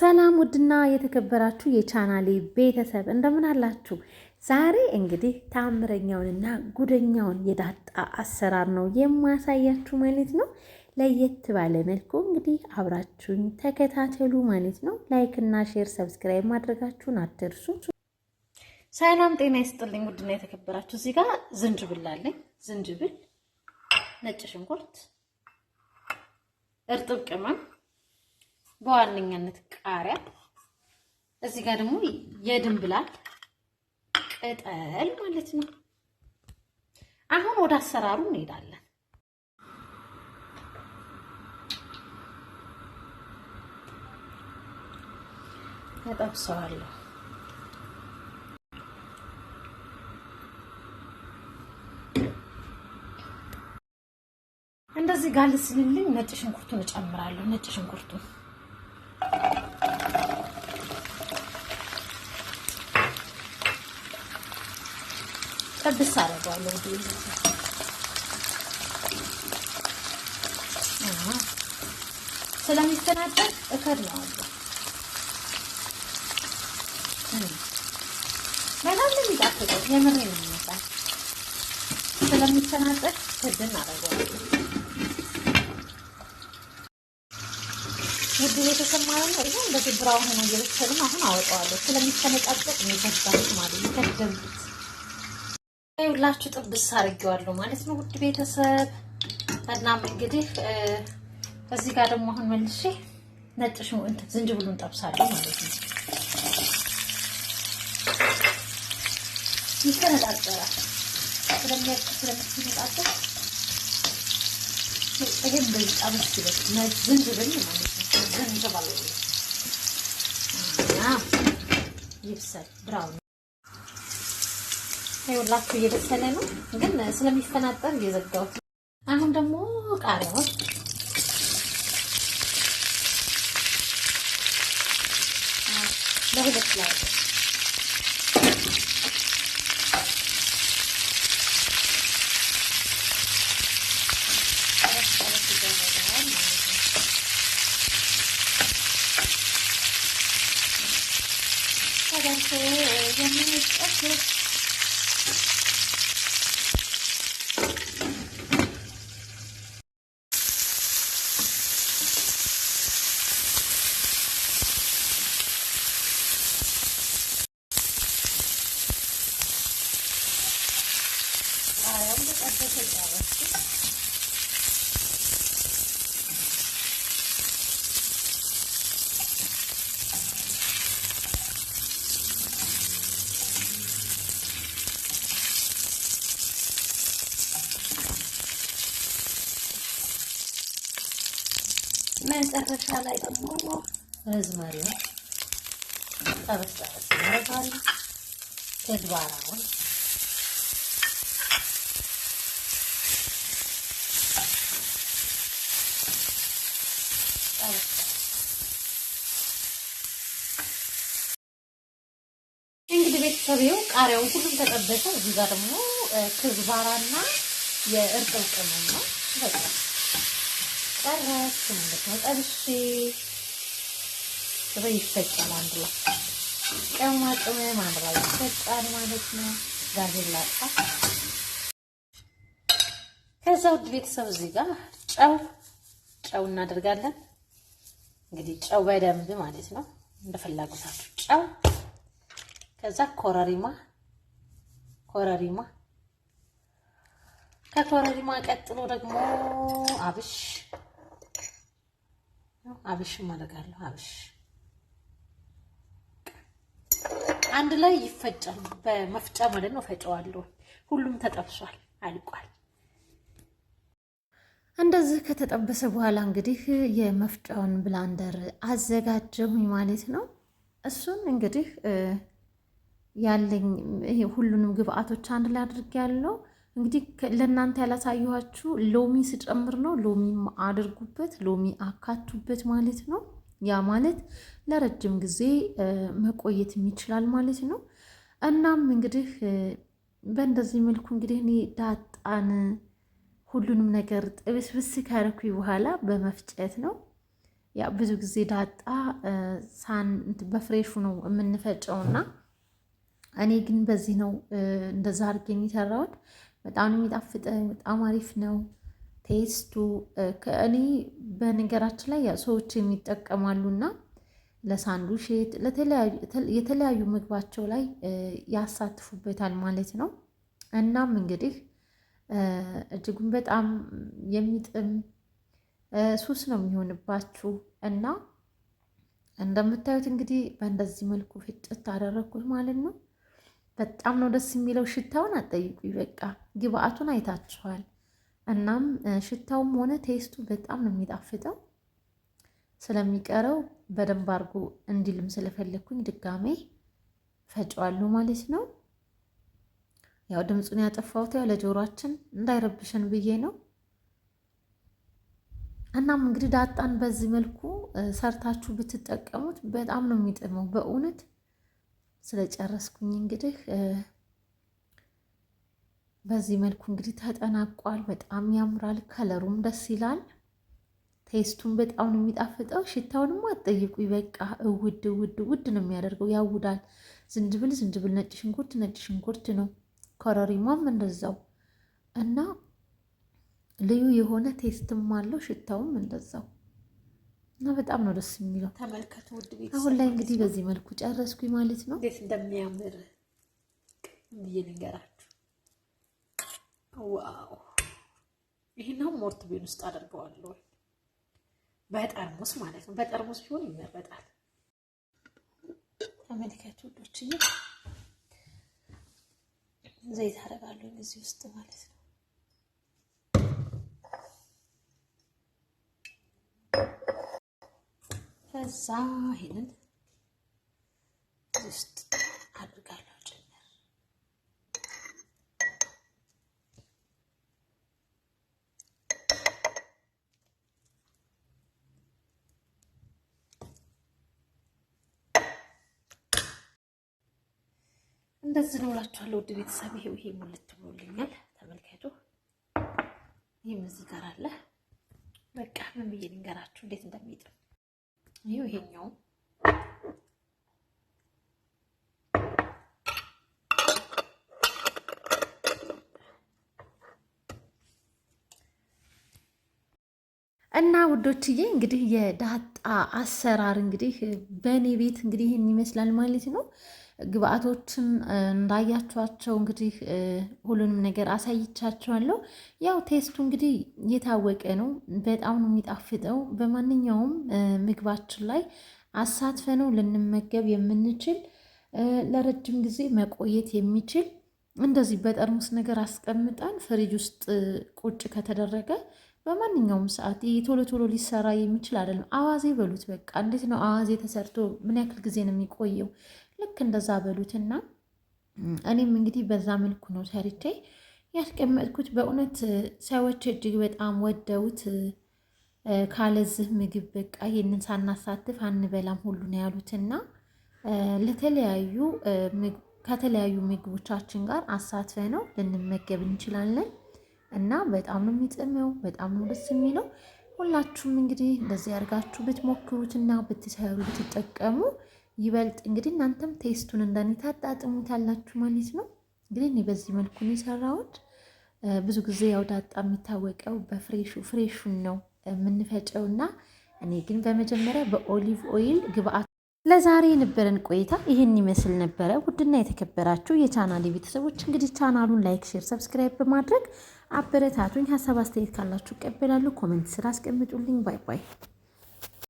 ሰላም ውድና የተከበራችሁ የቻናሌ ቤተሰብ እንደምን አላችሁ? ዛሬ እንግዲህ ታምረኛውንና ጉደኛውን የዳጣ አሰራር ነው የማሳያችሁ ማለት ነው። ለየት ባለ መልኩ እንግዲህ አብራችሁኝ ተከታተሉ ማለት ነው። ላይክ እና ሼር፣ ሰብስክራይብ ማድረጋችሁን አትርሱ። ሰላም ጤና ይስጥልኝ ውድና የተከበራችሁ እዚህ ጋር ዝንጅብል አለኝ። ዝንጅብል፣ ነጭ ሽንኩርት፣ እርጥብ ቅመም በዋነኛነት ቃሪያ፣ እዚህ ጋር ደግሞ የድንብላል ቅጠል ማለት ነው። አሁን ወደ አሰራሩ እንሄዳለን። እጠብሰዋለሁ። እንደዚህ ጋልስልልኝ ነጭ ሽንኩርቱን እጨምራለሁ። ነጭ ሽንኩርቱን ጠብስ አደርገዋለሁ። ስለሚፈናጠር እከድነዋለሁ። በጣም ነው የሚጣፍጠው። የምሬ ነው የሚመጣው። ስለሚፈናጠር ክድን አደርገዋለሁ። ውድ ቤተሰብ ነው። ይሄን በዚህ ብራውን ሆኖ እየበሰለ አሁን አወጣዋለሁ። ስለሚፈነጣጠቅ ነው ይከብዳል ማለት ነው። ይኸውላችሁ ጥብስ አድርጌዋለሁ ማለት ነው ውድ ቤተሰብ። እናም እንግዲህ እዚህ ጋር ደግሞ አሁን መልሼ ነጭ ሽንኩርት ዝንጅብሉን ጠብሳለሁ ማለት ነው። ይፈነጣጠራል ስለሚያቅ ስለምትነጣጠር ይህም በጣ መስበት ዝንጅብል ማለት ነው። ዝንጅብል ይብሰል ብራውን ይኸውላችሁ እየበሰለ ነው፣ ግን ስለሚፈናጠር እየዘጋሁት። አሁን ደግሞ ቃሪያዎች ለሁለት ላይ hogy elvesszük. መጨረሻ ላይ ደግሞ ርዝመሪው ጠብስ ጠብስ ያደርጋሉ ተግባራውን እንግዲህ ቤተሰቤው ቃሪያውን ሁሉም ተጠበሰ። እዚህ ጋር ደግሞ ክዝባራና የእርጥብ ቅመም ነው። በቃ ጨረስኩ ማለት ነው። ጠብሼ ጥበይ ይፈጫል። አንድ ላይ ቅመማ ቅመም አንድ ላይ ይፈጫል ማለት ነው። ጋዜላ ጣ ከዛ ውድ ቤተሰብ እዚህ ጋር ጨው ጨው እናደርጋለን። እንግዲህ ጨው በደንብ ማለት ነው፣ እንደ ጨው። ከዛ ኮረሪማ ኮረሪማ፣ ከኮረሪማ ቀጥሎ ደግሞ አብሽ አብሽ ማደርጋለሁ። አብሽ አንድ ላይ ይፈጫል በመፍጫ ማለት ነው። ፈጨዋለሁ። ሁሉም ተጠብሷል፣ አልቋል። እንደዚህ ከተጠበሰ በኋላ እንግዲህ የመፍጫውን ብላንደር አዘጋጀሁኝ ማለት ነው። እሱን እንግዲህ ያለኝ ሁሉንም ግብአቶች አንድ ላይ ያለው እንግዲህ ለእናንተ ያላሳየኋችሁ ሎሚ ስጨምር ነው። ሎሚ አድርጉበት፣ ሎሚ አካቱበት ማለት ነው። ያ ማለት ለረጅም ጊዜ መቆየት ይችላል ማለት ነው። እናም እንግዲህ በእንደዚህ መልኩ እንግዲህ እኔ ዳጣን ሁሉንም ነገር ጥብስብስ ካረኩ በኋላ በመፍጨት ነው። ያ ብዙ ጊዜ ዳጣ ሳን በፍሬሹ ነው የምንፈጨው እና እኔ ግን በዚህ ነው እንደዛ አድርጌ የሚሰራውን በጣም የሚጣፍጠ፣ በጣም አሪፍ ነው ቴስቱ። ከእኔ በነገራችን ላይ ሰዎች ለሳንዱ ለሳንዱሼት የተለያዩ ምግባቸው ላይ ያሳትፉበታል ማለት ነው። እናም እንግዲህ እጅጉን በጣም የሚጥም ሱስ ነው የሚሆንባችሁ እና እንደምታዩት እንግዲህ በእንደዚህ መልኩ ፍጭት አደረግኩት ማለት ነው። በጣም ነው ደስ የሚለው። ሽታውን አጠይቁ በቃ ግብአቱን አይታችኋል። እናም ሽታውም ሆነ ቴስቱ በጣም ነው የሚጣፍጠው። ስለሚቀረው በደንብ አድርጎ እንዲልም ስለፈለግኩኝ ድጋሜ ፈጨዋለሁ ማለት ነው። ያው ድምፁን ያጠፋሁት ያው ለጆሯችን እንዳይረብሸን ብዬ ነው። እናም እንግዲህ ዳጣን በዚህ መልኩ ሰርታችሁ ብትጠቀሙት በጣም ነው የሚጥመው በእውነት። ስለጨረስኩኝ እንግዲህ በዚህ መልኩ እንግዲህ ተጠናቋል። በጣም ያምራል፣ ከለሩም ደስ ይላል፣ ቴስቱን በጣም ነው የሚጣፍጠው። ሽታውንም አትጠይቁ፣ በቃ እውድ እውድ ውድ ነው የሚያደርገው፣ ያውዳል። ዝንጅብል ዝንጅብል፣ ነጭ ሽንኩርት ነጭ ሽንኩርት ነው። ኮረሪማም እንደዛው እና ልዩ የሆነ ቴስትም አለው ሽታውም እንደዛው እና በጣም ነው ደስ የሚለው። ተመልከቱ ውድ ቤት አሁን ላይ እንግዲህ በዚህ መልኩ ጨረስኩኝ ማለት ነው። እንዴት እንደሚያምር ብዬ ልንገራችሁ። ዋው! ይህን ሞርት ቤን ውስጥ አደርገዋለሁ በጠርሙስ ማለት ነው። በጠርሙስ ቢሆን ይመረጣል። ተመልከቱ ውዶችዬ ዘይት አደርጋለሁ እዚህ ውስጥ ማለት ነው። ከዛ ይሄንን እንደዚህ ነው እላችኋለሁ። ውድ ቤተሰብ ይሄው ይሄ ሙልት ብሎልኛል። ተመልከቱ። ይህም እዚህ ጋር አለ። በቃ ምን ብዬ ልንገራችሁ እንዴት እንደሚጥም ይሄው ይሄኛው እና ውዶችዬ እንግዲህ የዳጣ አሰራር እንግዲህ በእኔ ቤት እንግዲህ ይህን ይመስላል ማለት ነው። ግብአቶችን እንዳያችኋቸው እንግዲህ ሁሉንም ነገር አሳይቻችኋለሁ። ያው ቴስቱ እንግዲህ የታወቀ ነው። በጣም ነው የሚጣፍጠው። በማንኛውም ምግባችን ላይ አሳትፈ ነው ልንመገብ የምንችል ለረጅም ጊዜ መቆየት የሚችል እንደዚህ በጠርሙስ ነገር አስቀምጠን ፍሪጅ ውስጥ ቁጭ ከተደረገ በማንኛውም ሰዓት ቶሎ ቶሎ ሊሰራ የሚችል አይደለም። አዋዜ በሉት በቃ እንዴት ነው አዋዜ ተሰርቶ ምን ያክል ጊዜ ነው የሚቆየው? ልክ እንደዛ በሉትና እኔም እንግዲህ በዛ መልኩ ነው ሰርቼ ያስቀመጥኩት። በእውነት ሰዎች እጅግ በጣም ወደውት ካለዚህ ምግብ በቃ ይህንን ሳናሳትፍ አንበላም ሁሉ ነው ያሉትና ለተለያዩ ከተለያዩ ምግቦቻችን ጋር አሳትፈ ነው ልንመገብ እንችላለን። እና በጣም ነው የሚጥመው፣ በጣም ነው ደስ የሚለው። ሁላችሁም እንግዲህ እንደዚህ ያርጋችሁ ብትሞክሩትና ብትሰሩ ብትጠቀሙ ይበልጥ እንግዲህ እናንተም ቴስቱን እንደኔ ታጣጥሙት ያላችሁ ማለት ነው። እንግዲህ እኔ በዚህ መልኩ ነው የሰራሁት። ብዙ ጊዜ ያው ዳጣ የሚታወቀው በፍሬሹ ፍሬሹን ነው የምንፈጨው እና እኔ ግን በመጀመሪያ በኦሊቭ ኦይል ግብአት ለዛሬ የነበረን ቆይታ ይህን ይመስል ነበረ። ውድና የተከበራችሁ የቻናል ቤተሰቦች እንግዲህ ቻናሉን ላይክ፣ ሼር፣ ሰብስክራይብ በማድረግ አበረታቱኝ። ሀሳብ አስተያየት ካላችሁ እቀበላለሁ። ኮመንት ስራ አስቀምጡልኝ። ባይ ባይ።